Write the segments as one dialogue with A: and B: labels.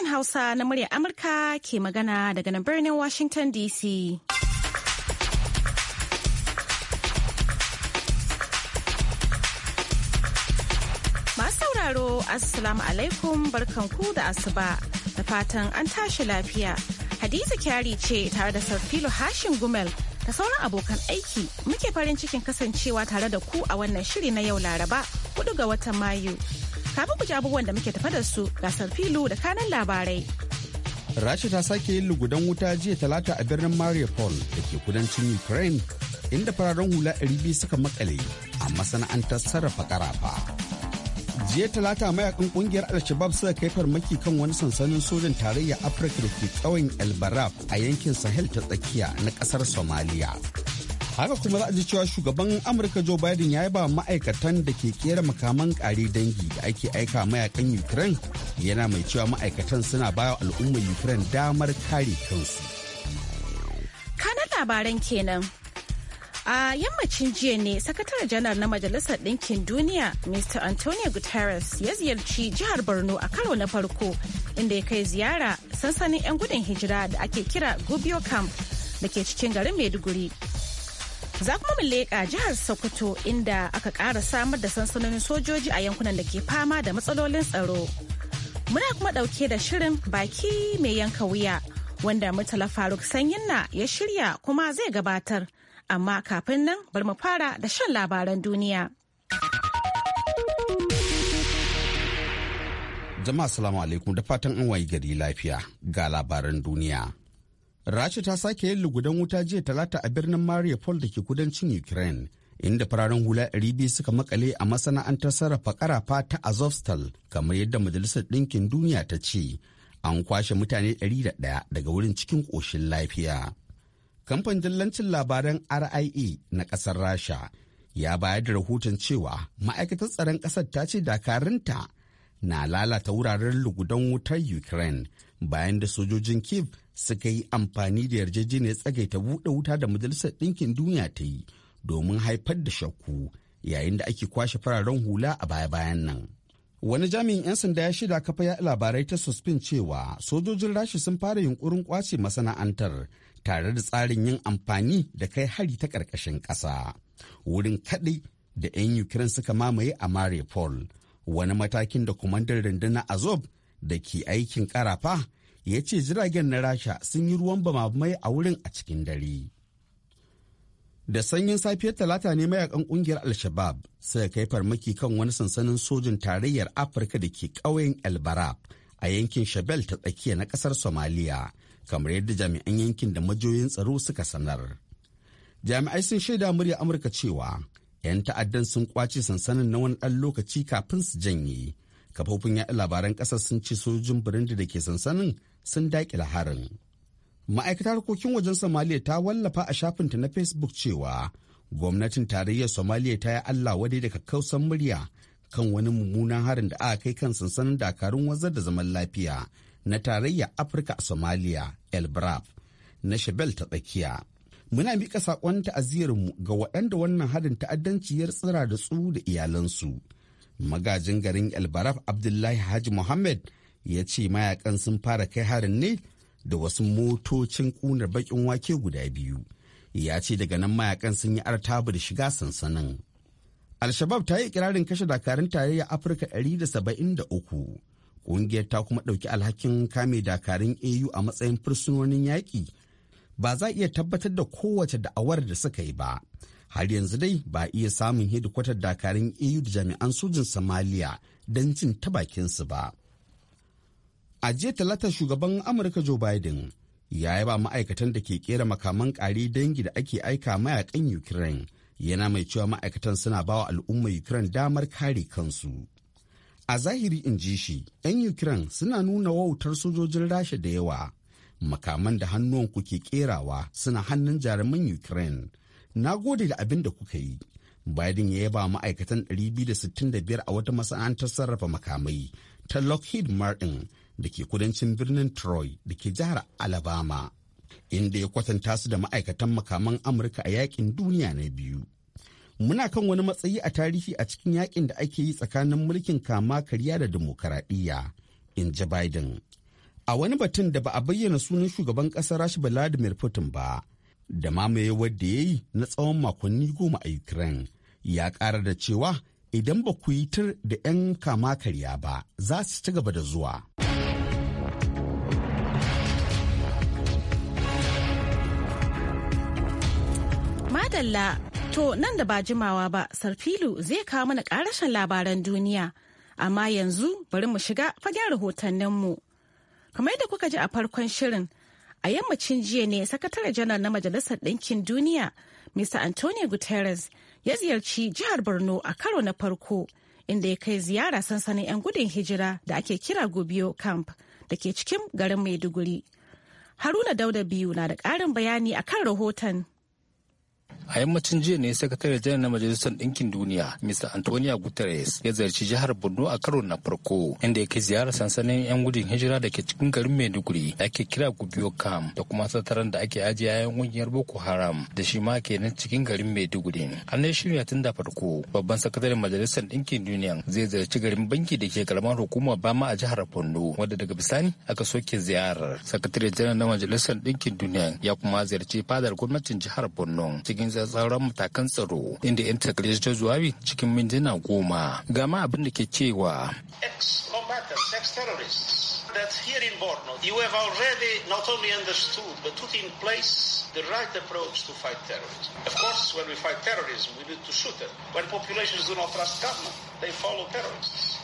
A: Sashen Hausa na muryar Amurka ke magana daga nan birnin Washington DC. Masu sauraro, Assalamu alaikum barkanku da asuba da fatan an tashi lafiya. Hadiza Kyari ce tare da Sarfilo Hashin Gumel da sauran abokan aiki muke farin cikin kasancewa tare da ku a wannan shiri na yau Laraba 4 ga watan Mayu Kafin ku ji abubuwan da muke tafa da su gasar filu da kanan labarai.
B: Rasha ta sake yin lugudan wuta jiya talata a birnin Mariupol da ke kudancin Ukraine inda fararen hula 200 suka makale a masana'antar sarrafa karafa. Jiya talata mayakan kungiyar Al-Shabab suka kai farmaki kan wani sansanin sojan tarayya Afirka da ke tsawon El baraf a yankin Sahel ta tsakiya na kasar Somalia. haka kuma za a ji cewa shugaban amurka joe biden ya yi ba ma'aikatan da ke kera makaman kare dangi da ake aika mayakan ukraine yana mai cewa ma'aikatan suna bawa al'ummar ukraine damar kare kansu
A: kanan labaran kenan a yammacin jiya ne sakatare janar na majalisar ɗinkin duniya mr antonio guterres ya ziyarci jihar borno a karo na farko inda ya kai ziyara sansanin 'yan gudun hijira da ake kira gubio camp da ke cikin garin maiduguri Za kuma mu leƙa jihar Sokoto inda aka ƙara samar da sansanonin sojoji a yankunan da ke fama da matsalolin tsaro. Muna kuma ɗauke da shirin baki mai yanka wuya wanda Murtala Faruk Sanyinna ya shirya kuma zai gabatar. Amma kafin nan bari mu fara da shan labaran duniya.
B: Jama'a salamu alaikum da fatan an wayi gari lafiya ga labaran duniya. rasha ta sake yin lugudan wuta jiya talata a birnin mariupol da ke kudancin ukraine inda fararen hula 200 suka makale a masana'antar sarrafa karafa ta azovstal kamar yadda majalisar ɗinkin duniya ta ce an kwashe mutane 101 daga wurin cikin koshin lafiya kamfanin dillancin labaran ria e na ƙasar rasha ya bayar da rahoton cewa ma'aikatar tsaron ƙasar ta ce dakarunta na lalata wuraren lugudan wutar ukraine bayan da sojojin kiev suka yi amfani da yarjejeniyar tsagaita buɗe wuta da majalisar ɗinkin duniya ta yi domin haifar da shakku yayin da ake kwashe fararen hula a baya-bayan nan. Wani jami'in 'yan sanda ya shida kafa ya labarai ta suspin cewa sojojin rashi sun fara yunkurin kwace masana'antar tare da tsarin yin amfani da kai hari ta ƙarƙashin ƙasa. Wurin kaɗai da 'yan Ukraine suka mamaye a Mariupol, wani matakin da kumandan rundunar Azov da ke aikin ƙarafa ya ce jiragen na rasha sun yi ruwan bamamai a wurin a cikin dare da sanyin safiyar talata ne mayakan kungiyar al-shabab suka kai farmaki kan wani sansanin sojin tarayyar afirka da ke ƙauyen el a yankin shabel ta tsakiya na ƙasar somaliya kamar yadda jami'an yankin da majoyin tsaro suka sanar jami'ai sun shaida murya amurka cewa 'yan ta'addan sun kwace sansanin na wani ɗan lokaci kafin su janye kafofin yaɗa labaran ƙasar sun ce sojojin burundi da ke sansanin sun daƙila harin. Ma'aikatar harkokin wajen Somalia ta wallafa a shafinta na Facebook cewa gwamnatin tarayyar Somalia ta yi Allah wadai da kakkausan murya kan wani mummunan harin da aka kai kan sansanin dakarun wanzar da zaman lafiya na tarayya Afirka a Somalia, El Braf, na Shebel ta tsakiya. muna miƙa saƙon ta'aziyarmu ga waɗanda wannan harin ta'addanci ya tsira da tsu da iyalansu. Magajin garin Elbaraf Abdullahi Haji Muhammad ya ce mayakan sun fara kai harin ne da wasu motocin kunar bakin wake guda biyu ya ce daga nan mayakan sun yi artabu da shiga sansanin Alshabab ta yi ikirarin kashe dakarun tarayya afirka 173 ƙungiyar ta kuma ɗauki alhakin kame dakarun au a matsayin fursunonin yaƙi ba za iya tabbatar da kowace da'awar da suka yi ba har yanzu dai ba a iya samun hedikwatar dakarun au da jami'an sojin somaliya don jin ta bakinsu ba a jiya talata shugaban amurka joe biden ya yaba ma'aikatan da ke kera makaman kari dangi da ake aika mayakan ukraine yana mai cewa ma'aikatan suna bawa al'umma ukraine damar kare kansu a zahiri in ji shi 'yan ukraine suna nuna wautar sojojin rasha da yawa makaman da hannuwanku ke kerawa suna hannun jaruman ukraine na gode da abin da kuka yi biden ya yaba ma'aikatan 265 a wata masana'antar sarrafa makamai ta lockheed martin da ke kudancin birnin Troy da ke jihar Alabama, inda ya kwatanta su da ma'aikatan makaman Amurka a yakin duniya na biyu. Muna kan wani matsayi a tarihi a cikin yakin da ake yi tsakanin mulkin kama karya da demokaradiyya, in ji Biden. A wani batun da ba a bayyana sunan shugaban ƙasar Rasha Vladimir Putin ba, da mamaye wadda ya yi na tsawon makonni goma a Ukraine, ya ƙara da cewa idan ba ku yi tur da 'yan kama karya ba za su ci gaba da zuwa.
A: Madalla, to nan da ba jimawa ba, Sarfilu zai kawo mana ƙarashin labaran duniya. Amma yanzu bari mu shiga fagen rahotanninmu. Kamar yadda kuka ji a farkon shirin, a yammacin jiya ne sakatare janar na Majalisar Ɗinkin Duniya, Mr. Antonio Guterres, ya ziyarci jihar Borno a karo na farko, inda ya kai ziyara sansanin 'yan gudun hijira da ake kira Gubio Camp da ke cikin garin Maiduguri. Haruna Dauda biyu na da ƙarin bayani a kan rahoton.
C: a yammacin jiya ne sakatare janar na majalisar ɗinkin duniya mr antonio guterres ya ziyarci jihar borno a karo na farko inda ya kai ziyarar sansanin yan gudun hijira da ke cikin garin maiduguri da ake kira gubiyo kam da kuma sataran da ake ajiye yayan ƙungiyar boko haram da shi ma ke nan cikin garin maiduguri an ne shirya tun da farko babban sakataren majalisar ɗinkin duniya zai ziyarci garin banki da ke karamar hukumar bama a jihar borno wadda daga bisani aka soke ziyarar sakatare janar na majalisar ɗinkin duniya ya kuma ziyarci fadar gwamnatin jihar borno cikin tsatsauran matakan tsaro inda yan takardar ta zuwabi cikin mintuna goma gama abin da ke cewa
D: ex combatants
E: ex terrorists that here in Borno, you have already not only understood, but put in place the right approach to fight terrorism. Of course, when we fight terrorism, we
C: need to shoot it. When populations do not trust government, they follow terrorists.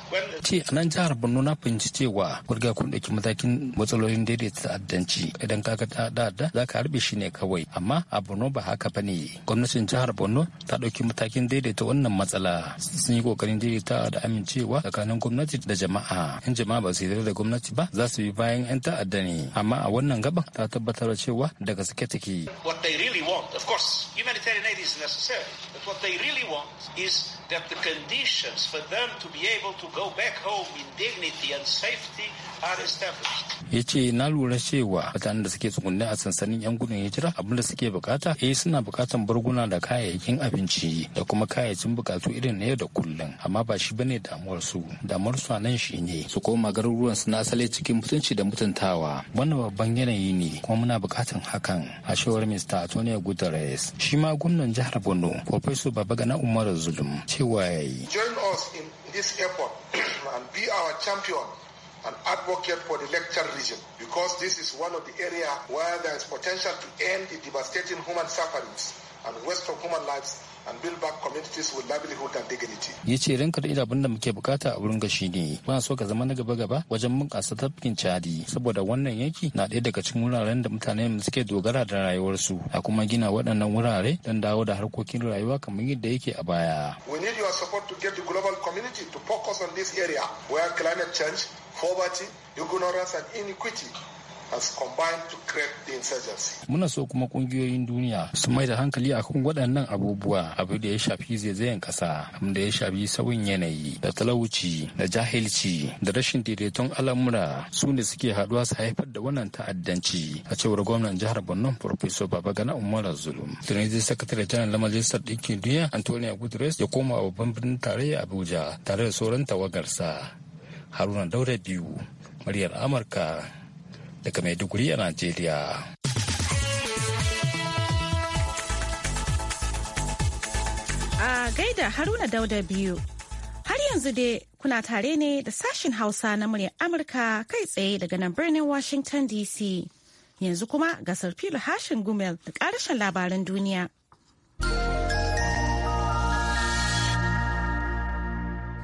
C: ce a nan jihar borno na fahimci cewa kurga kun ɗauki matakin matsalolin daidaita ta'addanci idan ka ga ta'adda za ka harbe shi ne kawai amma a borno ba haka ba ne gwamnatin jihar borno ta ɗauki matakin daidaita wannan matsala sun yi ƙoƙarin daidaita da amincewa tsakanin gwamnati da jama'a in jama'a ba su yarda da gwamnati ba ƙasa za su yi bayan 'yan ta'adda ne amma a wannan gaban ta tabbatar da cewa daga suke take.
E: What they really want, of course, humanitarian aid is necessary, but what they really want is that the conditions for them to be able to go back home in dignity and safety are
C: established. Ya ce na lura cewa mutanen da suke tsugunne a sansanin 'yan gudun hijira da suke bukata eh suna bukatan barguna da kayayyakin abinci da kuma kayayyakin bukatu irin na yau da kullum amma ba shi bane damuwar su damuwar su nan shine su koma garuruwan su na asali komai cikin mutunci da mutuntawa wannan babban yanayi ne kuma muna buƙatar hakan a shawar mr antonio guterres shi ma gwamnan jihar borno professor babagana umar zulum cewa ya yi An us in this be
E: champion advocate for the lecture region because this is one of the areas where there is potential to end the devastating human sufferings and waste of human lives and build back communities with livelihood
C: and dignity. Ya ce ranka da da muke bukata a wurin gashi ne. Ba so ka zama na gaba-gaba wajen bunƙasa tafkin Chadi saboda wannan yanki na ɗaya daga cikin wuraren da mutane suke dogara da rayuwarsu a kuma gina waɗannan wurare don dawo da harkokin rayuwa kamar yadda yake a baya.
E: We need your support to get the global community to focus on this area where climate change, poverty, ignorance and inequity has combined to insurgency.
C: Muna so kuma kungiyoyin duniya su mai da hankali a kan waɗannan abubuwa abu da ya shafi zaizayen ƙasa da ya shafi sauyin yanayi da talauci da jahilci da rashin daidaiton al'amura su ne suke haɗuwa su haifar da wannan ta'addanci a cewar gwamnan jihar Borno Baba, gana Umar Zulum. Tunisia Sakatare Janar na Majalisar Ɗinkin Duniya Antonio Guterres ya koma babban birnin tarayya Abuja tare da sauran tawagarsa. Haruna Daura biyu, muryar Amurka daga Maiduguri a Najeriya.
A: A gaida Haruna Dauda biyu. Har yanzu dai kuna tare ne da sashin Hausa na muryar Amurka kai tsaye daga nan birnin Washington DC. Yanzu kuma ga Sarfilu Hashin Gumel da ƙarashin labaran duniya.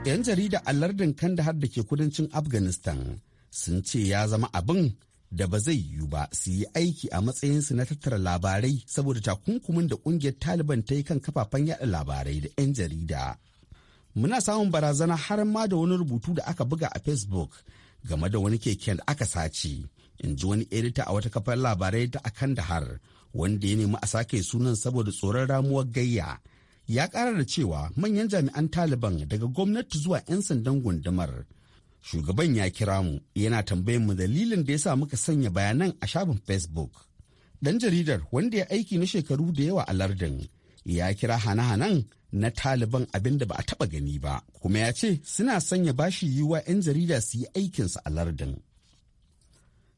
B: ‘Yan jarida a lardin Kandahar da ke kudancin Afghanistan sun ce ya zama abin da ba zai yiwu ba su yi aiki a matsayinsu na tattara labarai saboda takunkumin da kungiyar taliban ta yi kan kafafen yada labarai da 'yan jarida muna samun barazana har ma da wani rubutu da aka buga a facebook game da wani keken da aka sace in ji wani edita a wata kafar labarai ta akan da Har, wanda ya nemi a sake sunan saboda tsoron ramuwar gayya ya kara da cewa manyan jami'an taliban daga gwamnati zuwa 'yan sandan gundumar shugaban ya kira mu yana tambayin mu dalilin da ya sa muka sanya bayanan a shafin facebook dan jaridar wanda ya aiki na shekaru da yawa a lardin ya kira hana-hanan na taliban abin da ba a taba gani ba kuma ya ce suna sanya bashi yiwuwa 'yan jarida su yi aikinsu a lardin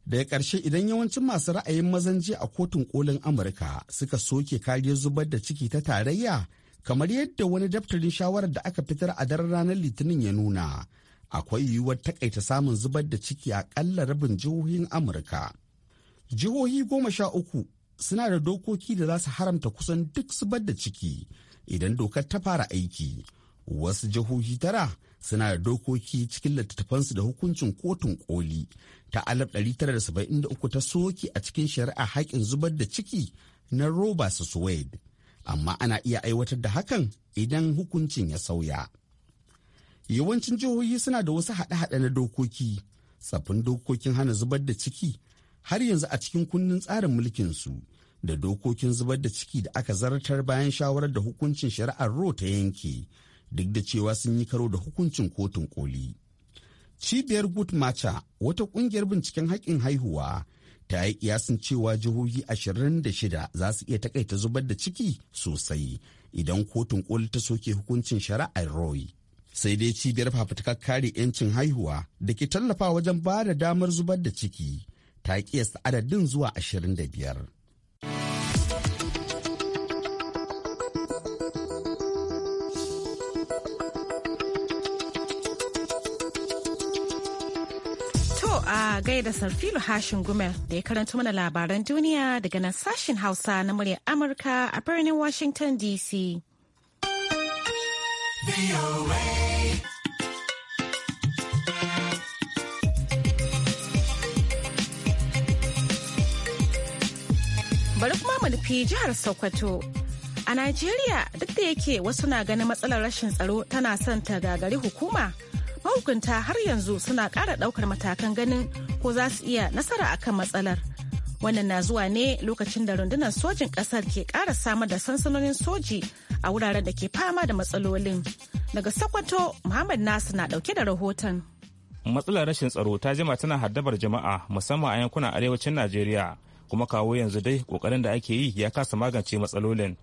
B: daga ƙarshe idan yawancin masu ra'ayin mazan a kotun kolin amurka suka soke kariyar zubar da ciki ta tarayya kamar yadda wani daftarin shawarar da aka fitar a daren ranar litinin ya nuna akwai yiwuwar takaita samun zubar da ciki a ƙalla rabin jihohin amurka jihohi goma sha uku suna da dokoki da za su haramta kusan duk zubar da ciki idan dokar ta fara aiki wasu jihohi tara suna da dokoki cikin littattafansu da hukuncin kotun koli ta uku, ta soke a cikin shari'a haƙin zubar da ciki na roba su amma ana iya aiwatar da hakan idan hukuncin ya sauya. yawancin jihohi suna da wasu haɗe-haɗe na dokoki tsaffin dokokin hana zubar da ciki har yanzu a cikin kundin tsarin mulkinsu da dokokin zubar da ciki da aka zartar bayan shawarar da hukuncin shari'ar ro ta yanke duk da cewa sun yi karo da hukuncin kotun koli. cibiyar good matcha wata kungiyar binciken haƙƙin haihuwa ta yi kiyasin cewa jihohi ashirin 26 za su iya takaita zubar da ciki sosai idan kotun koli ta soke hukuncin shari'ar Roe. sai dai cibiyar fafutukar kare 'yancin haihuwa da ke tallafa wajen ba da damar zubar da ciki ta kiyasta adadin zuwa 25.
A: a gaida sarfilu hashin gumel da ya karanta mana labaran duniya daga nan sashen hausa na muryar amurka a birnin washington dc. Bari kuma mu nufi jihar Sokoto. A Najeriya duk da yake wasu na ganin matsalar rashin tsaro tana son ta gagari hukuma, mahukunta har yanzu suna ƙara ɗaukar matakan ganin ko za su iya nasara akan matsalar. Wannan na zuwa ne lokacin da rundunar sojin ƙasar ke ƙara samar da sansanonin soji a wuraren da ke fama da matsalolin. Daga Sokoto, Muhammad Nasu na ɗauke da rahoton.
E: Matsalar rashin tsaro ta jima tana haddabar jama'a musamman a yankunan arewacin Najeriya. kuma kawo yanzu dai kokarin da ake yi ya kasa magance matsalolin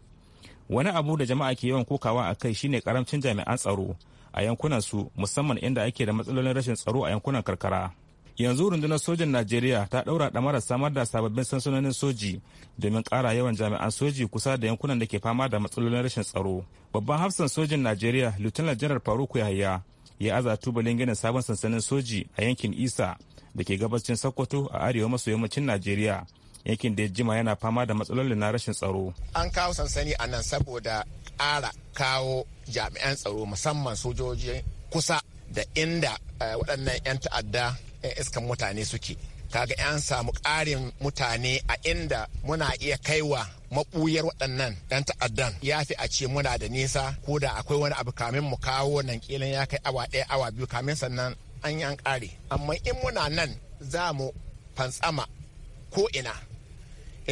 E: wani abu da jama'a ke yawan kokawa a kai shine karamcin jami'an tsaro a yankunan su musamman inda ake da matsalolin rashin tsaro a yankunan karkara yanzu rundunar sojin najeriya ta ɗaura ɗamarar samar da sababbin sansanonin soji domin kara yawan jami'an soji kusa da yankunan da ke fama da matsalolin rashin tsaro babban hafsan sojin najeriya lieutenant general faruku yahaya ya aza tubalin ginin sabon sansanin soji a yankin isa da ke gabacin sokoto a arewa maso yammacin najeriya yankin da ya jima yana fama da matsalolin na rashin tsaro.
B: An kawo sansani a nan saboda ƙara kawo jami'an tsaro musamman sojoji kusa da inda eh, waɗannan 'yan ta'adda yan iskan mutane suke. Kaga 'yan samu ƙarin mutane a inda muna iya kaiwa maɓuyar waɗannan 'yan ta'addan ya fi a ce muna da nisa ko da akwai wani abu kamin mu kawo nan ya kai awa ɗaya awa biyu kamin sannan an yi an ƙare. Amma in muna nan za mu fantsama ko ina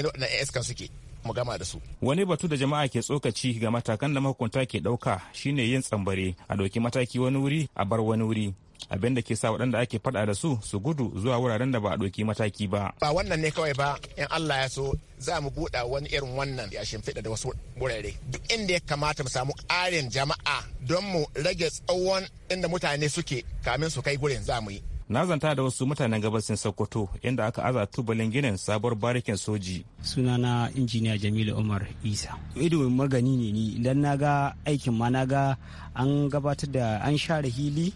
B: na waɗannan suke mu gama da su.
E: Wani batu da jama'a ke tsokaci ga matakan da mahukunta ke ɗauka shine yin tsambare a ɗauki mataki wani wuri a bar wani wuri. abin da ke sa waɗanda ake faɗa da su su gudu zuwa wuraren da ba a ɗauki mataki ba.
B: Ba wannan ne kawai ba in Allah ya so za mu buɗa wani irin wannan ya shimfiɗa da wasu wurare. Duk inda ya kamata mu samu ƙarin jama'a don mu rage tsawon inda mutane suke kamin su kai gurin za mu yi.
E: na zanta da wasu mutanen gabasin sokoto inda aka aza tubalin ginin sabuwar barikin soji sunana injiniya jamilu umar isa ido magani ne ni idan na ga aikin ma na ga an gabatar da an share hili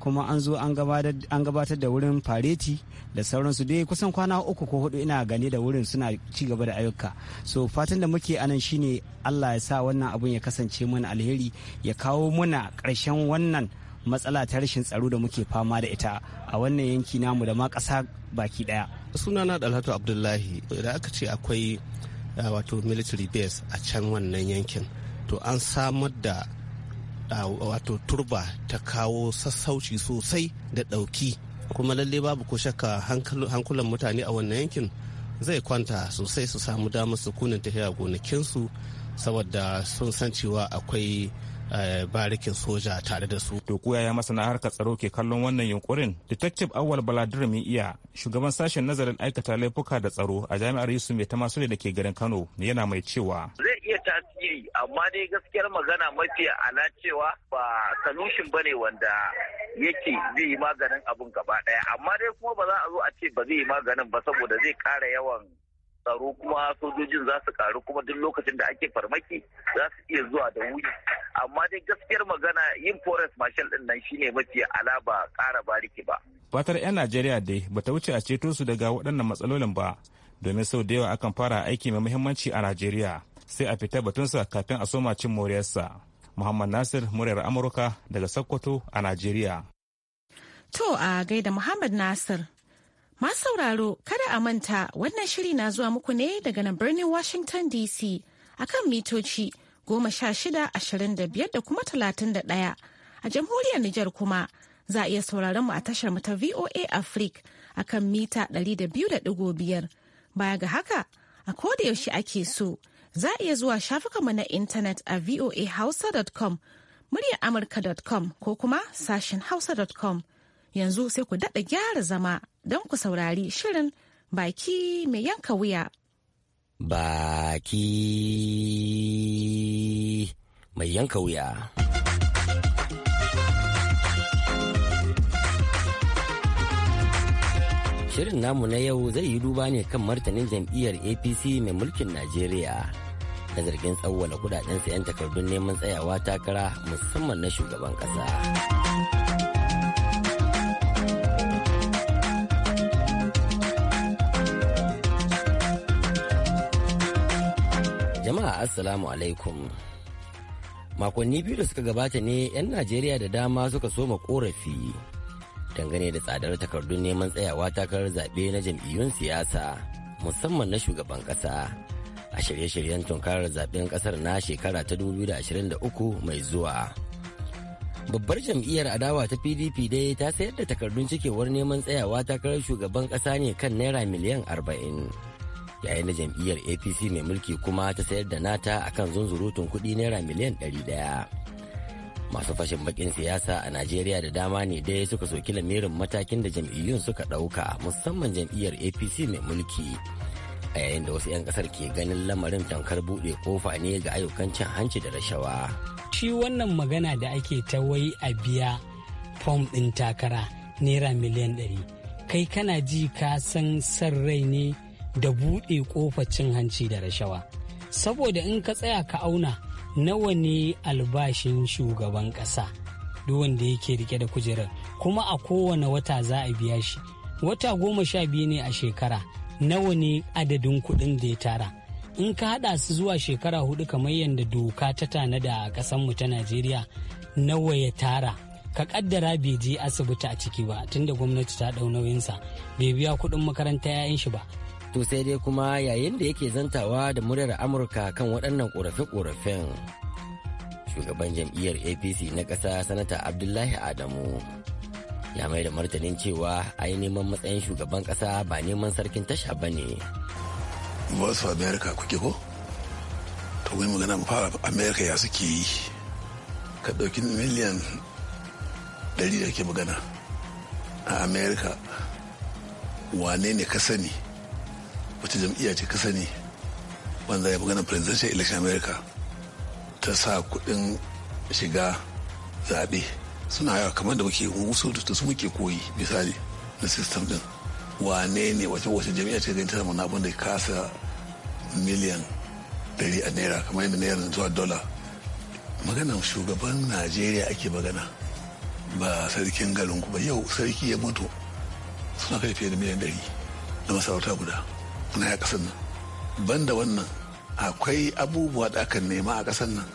E: kuma an zo an gabatar da wurin fareti da sauransu dai kusan kwana uku ko hudu ina gane da wurin suna ci gaba da ayyuka so fatan da muke anan shine allah ya sa wannan abun ya kasance mana alheri ya kawo muna karshen wannan matsala ta rashin tsaro da muke fama da ita a wannan yanki namu da ma ƙasa baki ɗaya. sunana dalhatu abdullahi da aka ce akwai eh, wato military base a can wannan yankin to an samar da wato turba ta kawo sassauci sosai da ɗauki kuma lalle babu ko shakka hankulan mutane a wannan yankin zai kwanta sosai su samu damar su sukunin tafiya gonakinsu saboda sun san cewa akwai Eh, barikin soja tare da su. To ya masana harkar tsaro ke kallon wannan yunkurin? Detective Awal Baladir mai iya shugaban sashen nazarin aikata laifuka da tsaro a jami'ar Yusuf mai ta masu da ke garin Kano yana mai cewa.
D: Zai iya tasiri amma dai gaskiyar magana mafi ala cewa ba sanushin bane wanda yake zai yi maganin abun gaba ɗaya amma dai kuma ba za a zo a ce ba zai yi maganin ba saboda zai kara yawan tsaro kuma sojojin za su karu kuma duk lokacin da ake farmaki za su iya zuwa da wuri amma dai gaskiyar magana yin forest marshal din nan shine mafi alaba ba kara bariki ba
E: fatar yan najeriya dai bata wuce a ceto su daga waɗannan matsalolin ba domin sau da yawa akan fara aiki mai muhimmanci a najeriya sai a fita batunsa kafin a soma cin moriyarsa muhammad nasir muryar amurka daga sokoto a najeriya
A: to a gaida muhammad nasir Masu sauraro kada a manta wannan shiri na zuwa muku ne daga nan birnin Washington DC akan mitoci goma sha shida ashirin da biyar da kuma talatin da ɗaya a jamhuriyar Nijar kuma za a iya sauraron mu a tashar mu ta VOA Africa akan mita ɗari da biyu da ɗigo biyar baya ga haka a koda yaushe ake so za a iya zuwa shafukanmu na intanet a voahausa.com muryar amurka.com ko kuma sashen hausa.com yanzu sai ku daɗa gyara zama don ku saurari shirin baki mai yanka wuya.
D: Baki mai yanka wuya. Shirin namu na yau zai yi duba ne kan martanin jam'iyyar APC mai mulkin Najeriya na zargin tsawwala kudaden sayan takardun neman tsayawa takara musamman na shugaban ƙasa. assalamu alaikum makonni biyu da suka gabata ne 'yan najeriya da dama suka soma korafi dangane da tsadar takardun neman tsayawa takarar zaɓe na jam'iyyun siyasa musamman na shugaban ƙasa a shirye-shiryen tunkarar zaɓen ƙasar na shekara ta 2023 mai zuwa babbar jam'iyyar adawa ta pdp dai ta sayar da takardun cikewar neman tsayawa takarar shugaban ƙasa ne kan naira miliyan arba'in. yayin da jam'iyyar apc mai mulki kuma ta sayar da nata a kan zunzurutun kuɗi naira miliyan 100 masu fashin bakin siyasa a najeriya da dama ne dai suka soki lamirin matakin da jam'iyyun suka ɗauka musamman jam'iyyar apc mai mulki a yayin da wasu 'yan kasar ke ganin lamarin tankar buɗe kofa ne ga ayyukan cin hanci da rashawa
C: shi wannan magana da ake ta wai a biya fom ɗin takara naira miliyan 100 kai kana ji ka san san rai ne da buɗe kofacin hanci da rashawa saboda in ka tsaya ka auna nawa ne albashin shugaban ƙasa duk wanda yake rike da kujerar kuma a kowane wata za a biya shi wata goma sha biyu ne a shekara nawa ne adadin kuɗin da ya tara in ka haɗa su zuwa shekara hudu kamar yadda doka ta tanada a ƙasanmu ta najeriya nawa ya tara ka ƙaddara bai je asibiti a ciki ba tunda gwamnati ta ɗau nauyinsa bai biya kuɗin makaranta 'ya'yan shi ba
D: To sai dai kuma yayin da yake zantawa da muryar Amurka kan waɗannan ƙorafe-ƙorafen. Shugaban jam'iyyar APC na ƙasa Sanata Abdullahi Adamu ya mai da martanin cewa a yi neman matsayin shugaban ƙasa ba neman sarkin tasha ba ne.
F: Ba su Amerika kuke ko? To wai magana mu fara Amerika ya suke yi. Ka ɗauki miliyan ɗari da ke magana a Amerika wane ne ka sani wata jam'iyya ce kasa ne wanda ya magana presidential election america ta sa kudin shiga zaɓe suna yawa kamar da muke wasu da su muke koyi misali na system din wane ne wace wace jami'a ce zai tara abin da kasa miliyan dari a naira kamar yadda naira zuwa dola maganan shugaban najeriya ake magana ba sarkin garin ba yau sarki ya mutu suna kai fiye da miliyan dari na masarauta guda na ya ƙasar nan banda wannan akwai abubuwa da aka nema a ƙasar nan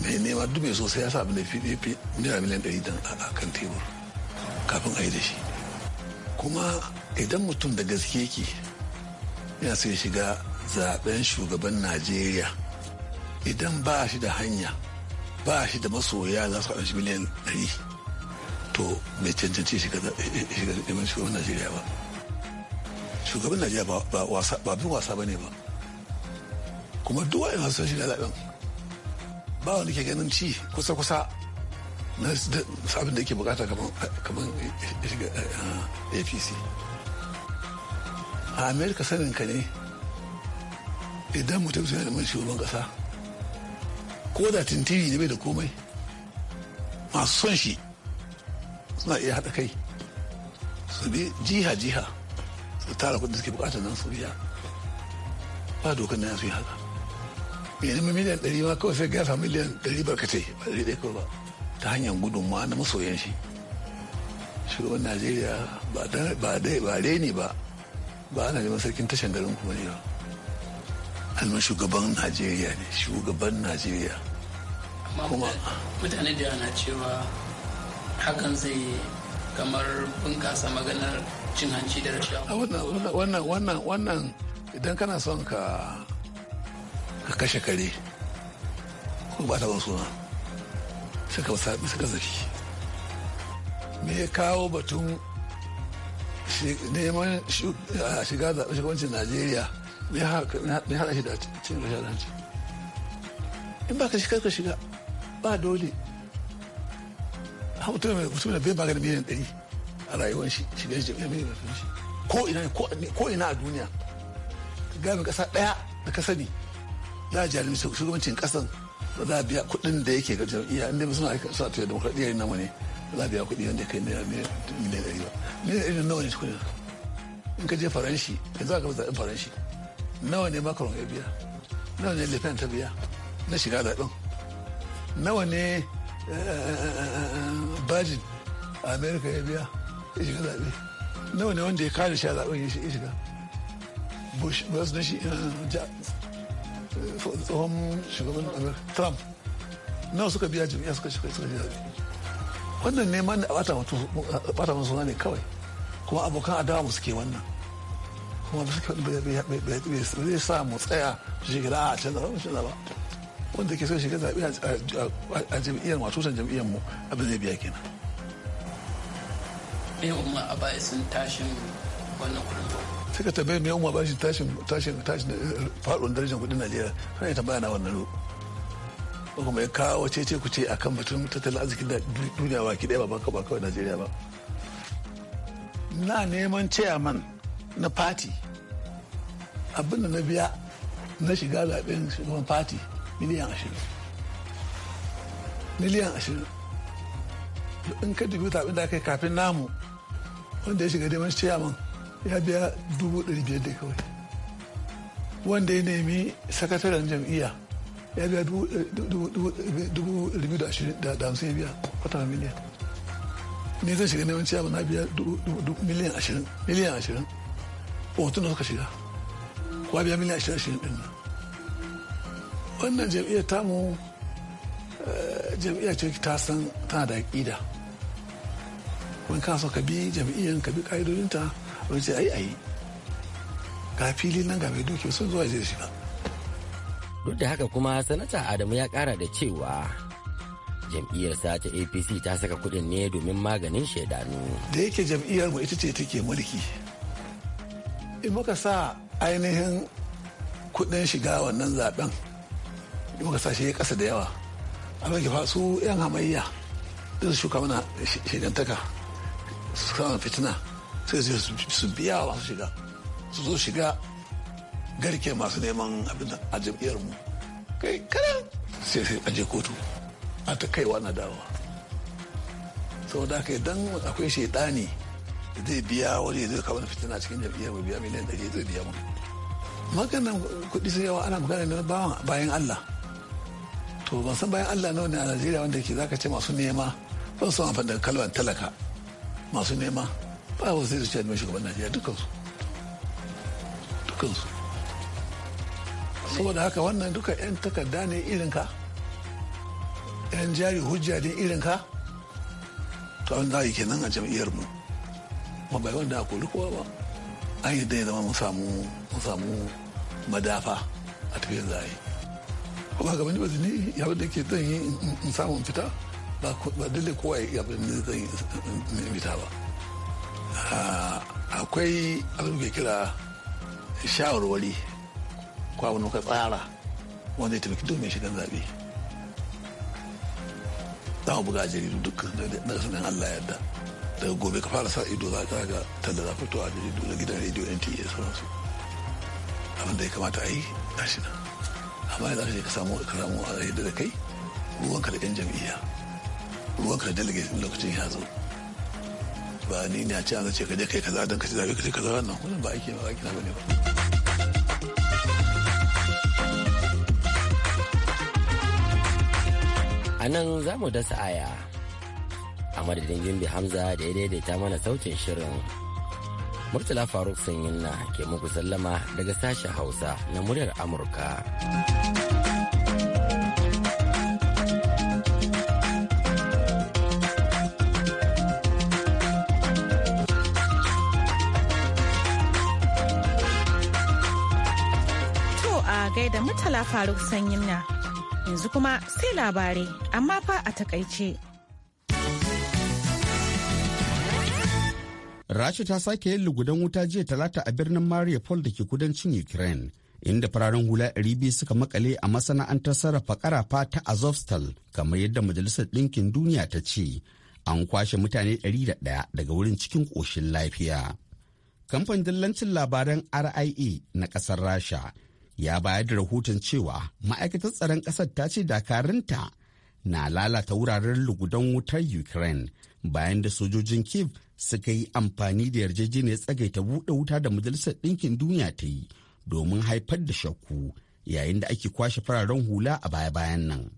F: mai nema duk mai ya sa abin da fiye naira miliyan ɗari dan a kan tebur kafin a yi da shi kuma idan mutum da gaske yake yana sai shiga zaben shugaban najeriya idan ba shi da hanya ba shi da masoya za su haɗa miliyan ɗari to bai cancanci shiga shugaban najeriya ba shugaban najeriya ba wasa ba bin wasa bane ba kuma duk wa'in sun na zaben ba wani ke ganin ci kusa kusa na abin da ke bukata kamar eh, eh, eh, apc a amerika sanin ka ne idan mutum suna neman shugaban kasa ko da tintiri ne bai da komai masu son shi suna iya haɗa kai su bi jiha-jiha su tara kudin suke bukata nan su biya ba dokar na su yi haka mai neman miliyan ɗari ma kawai sai gafa miliyan ɗari barkatai ba ɗari ɗaya kawai ba ta hanyar gudunmawa na masoyan shi shugaban najeriya ba dai ba ne ba ba ana neman sarkin tashan garin kuma ne ba alman shugaban najeriya ne shugaban najeriya kuma mutane da yana cewa hakan zai kamar bunkasa maganar cin hanci da rashawa. wannan wannan wannan idan kana son ka ka kashe kare ko ba ta ban suna suka suka zafi me ya kawo batun neman shiga zaɓe shugabancin najeriya me haɗa shi da cin rashawa in ba ka shiga ka shiga ba dole mutum mutum da bai magana miliyan ɗari a rayuwar shi shi ne shi miliyan ɗari shi ko ina ko ko ina a duniya Ka gami ƙasa ɗaya da ka sani za a jarumi shugabancin ƙasan ba za a biya kuɗin da yake ga jam'iyya inda ba suna aika suna tuya demokradiyya yin namu ne ba za a biya kuɗi wanda kai naira miliyan ɗari ba miliyan ɗari nawa ne kuɗin in ka je faranshi yanzu ga zaɓen faranshi nawa ne makaron ya biya nawa ne lefen ta biya na shiga zaɓen nawa ne bajin a amerika ya biya ya shiga zaɓe nawa ne wanda ya kare shi a zaɓen ya shiga bush bus na shi tsohon shugaban amerika trump nawa suka biya jami'a suka shiga suka zaɓe wannan neman da a bata masu ne kawai kuma abokan adawa musu ke wannan kuma ba wani bai sa mu tsaya shi a can da ba wanda ke son shiga zaɓe a jam'iyyar masu san jam'iyyar mu abin zai biya kenan. Me umma a baya sun tashin wannan kudin sai ka tambaye mai umar bashi tashin tashin tashin eh, faɗin darajar kudin najeriya sai ya tambaya na wannan ro ko kuma ya kawo cece ku ce akan batun tattalin arzikin duniya ba ki ba ba kawai najeriya ba na neman chairman na party abinda na biya na shiga zaɓen shugaban party miliyan ashirin miliyan ashirin in ka dubi zaɓen da aka yi kafin namu wanda ya shiga neman ciyaman ya biya dubu ɗari biyar da kawai wanda ya nemi sakataren jam'iyya ya biya dubu ɗari da ashirin da hamsin ya biya kwata miliyan ne zai shiga neman ciyaman na biya miliyan ashirin miliyan ashirin hoton da suka shiga kuwa biya miliyan ashirin ashirin ɗin nan wannan jam'iyyar tamu eh, jam'iyyar ce ta san tana da aƙida wani so ka bi jam'iyyar ka bi ƙa'idodinta a ce ai ai ga fili nan ga mai doki sun zuwa zai shiga
D: duk da haka kuma sanata adamu ya kara da cewa jam'iyyar ta apc ta saka kudin ne domin maganin shaidanu
F: da yake jam'iyyar mu ita ce take mulki in muka sa ainihin kudin shiga wannan zaben muka sashi ya kasa da yawa amma ke su yan hamayya da su shuka mana shigantaka su kama fitina sai su biya wa su shiga su zo shiga garke masu neman abin a jam'iyyar mu kai karan sai sai aje kotu a ta kaiwa na dawowa saboda haka idan akwai shaidani zai biya wani zai kawo fitina cikin jam'iyyar mu biya miliyan ɗari zai biya mu maganin kuɗi sun yawa ana magana ne bayan Allah to ban san bayan allah nawa ne a najeriya wanda ke zaka ce masu nema su san amfani daga kalmar talaka masu nema ba wasu zai zuciya mai shugaban najeriya dukansu dukansu saboda haka wannan duka 'yan takarda ne irin ka 'yan jari hujja ne irin ka to abin zai kenan a jam'iyyar mu ma bai wanda a koli kowa ba an yi dai zama mu samu madafa a tafiyar zai. kuma gaban ba ni ya ke zan yi in samu fita ba dole kowa ya abin zan yi fita ba ah, akwai abin da kira shawarwari ko abin da tsara wanda ya taimaki domin shigan zaɓe za mu buga jaridu duk daga sanin Allah yadda daga gobe ka fara sa ido za ka ga talla za fito a jaridu da gidan rediyo NTA sauransu abin da ya kamata a yi shi nan amma za ka ka samu ka a yadda da kai ruwanka da yan jam'iyya ruwanka da delegate lokacin ya zo ba ni ne a ce an ce ka je kai kaza don ka ci zaɓe ka ce kaza wannan wannan ba aiki ba aiki na bane ba
D: a nan za mu dasa aya a madadin gimbi hamza da ya daidaita mana sautin shirin Murtala Faruk Sanyin na ke muku sallama daga sashen Hausa na muryar Amurka.
A: To a gaida Murtala Faruk Sanyin na yanzu kuma sai labarai amma fa a takaice.
B: rasha ta sake yin lugudan wuta jiya talata a birnin mariupol da ke kudancin ukraine inda fararen hula 200 suka makale a masana'antar sarrafa karafa ta azovstal kamar yadda majalisar ɗinkin duniya ta ce an kwashe mutane 101 daga wurin cikin ƙoshin lafiya Kamfan dillancin labaran ria na ƙasar rasha ya bayar da rahoton cewa ma'aikatar tsaron ƙasar ta ce dakarunta na lalata wuraren lugudan wutar Ukraine bayan da sojojin Kiev suka yi amfani da yarjejeniyar tsagaita buɗe wuta da Majalisar Ɗinkin Duniya ta yi domin haifar da shakku yayin da ake kwashe fararen hula a baya-bayan nan.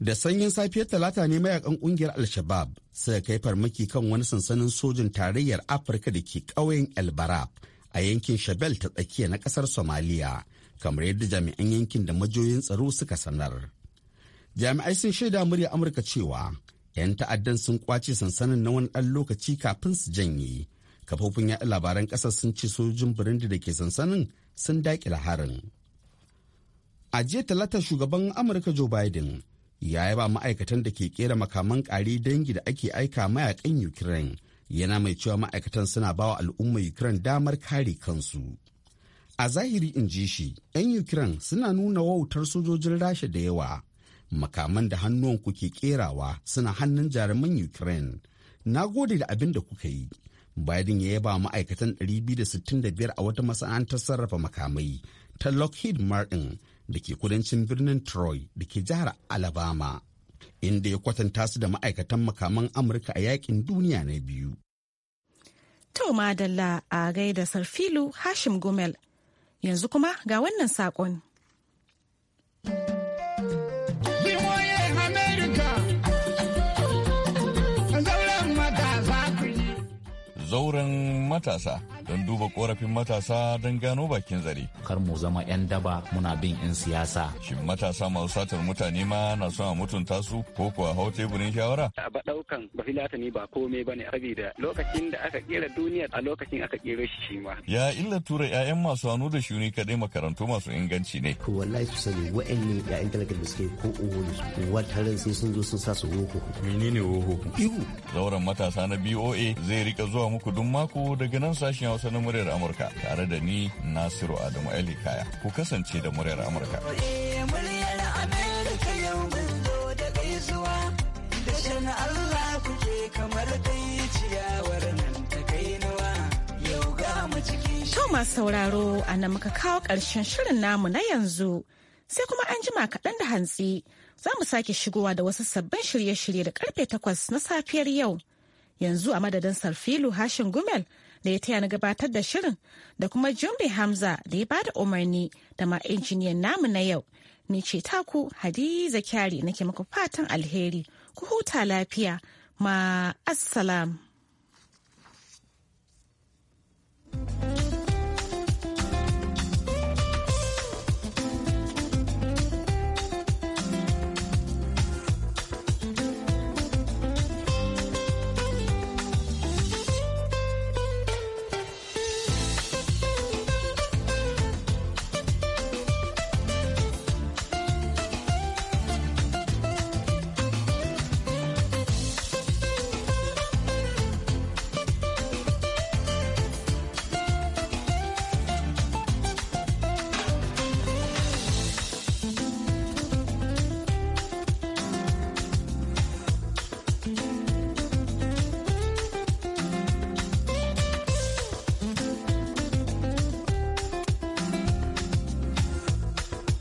B: Da sanyin safiyar talata ne mayakan kungiyar Al-Shabab suka kai farmaki kan wani sansanin sojin tarayyar Afirka da ke ƙauyen El Barab a yankin Shabel ta tsakiya na ƙasar Somaliya, kamar yadda jami'an yankin da majoyin tsaro suka sanar. jami'ai sun shaida murya amurka cewa 'yan ta'addan sun kwace sansanin na wani ɗan lokaci kafin su janye kafofin yaɗa labaran ƙasar sun ce sojojin burundi da ke sansanin sun daƙila harin a jiya talata shugaban amurka joe biden ya yi ba ma'aikatan da ke kera makaman ƙari dangi da ake aika mayakan ukraine yana mai cewa ma'aikatan suna bawa al'umma ukraine damar kare kansu a zahiri in ji shi 'yan ukraine suna nuna wautar sojojin rasha da yawa makaman da hannuwan ku ke kerawa suna hannun jaruman ukraine na gode da abin da kuka yi biden ya yaba ma'aikatan 265 a wata masana'antar sarrafa makamai ta lockheed martin da ke kudancin birnin troy da ke jihar alabama inda ya kwatanta su da ma'aikatan makaman amurka a yakin duniya na biyu
A: to madalla a gaida sarfilu hashim gumel yanzu kuma ga wannan saƙon.
E: zauren matasa don duba korafin matasa don gano bakin zare. Kar mu zama 'yan daba muna bin 'yan siyasa. Shin matasa masu satar mutane ma na son a mutunta su ko kuwa hau teburin shawara? A
C: ba ɗaukan ba filatani ba kome ba ne saboda
E: lokacin da aka kera duniya a lokacin
A: aka kera shi shi ma.
E: Ya illa tura 'ya'yan masu hannu da shuni kaɗai makarantu masu inganci ne. ko
D: wallahi su sani wa'annan 'ya'yan talaka da suke ko uwani su sai sun zo sun sa su woho. Menene woho? Ihu.
E: Zauren matasa na BOA zai rika zuwa muku duk mako daga nan sashen Hausa na muryar Amurka tare da ni Nasiru Adamu Ali Ku kasance da muryar Amurka.
D: Eh,
A: to masu sauraro a nan muka kawo ƙarshen shirin namu na yanzu sai kuma an jima kaɗan da hantsi za mu sake shigowa da wasu sabbin shirye-shirye da karfe takwas na safiyar yau. Yanzu a madadin Sarfilu Hashin Gumel da ya taya na gabatar da shirin da kuma Jumbe Hamza da ya bada umarni da ma injiniyan namu na yau. Ni ce taku Hadiza Kyari nake maka fatan alheri, ku huta lafiya, ma assalam.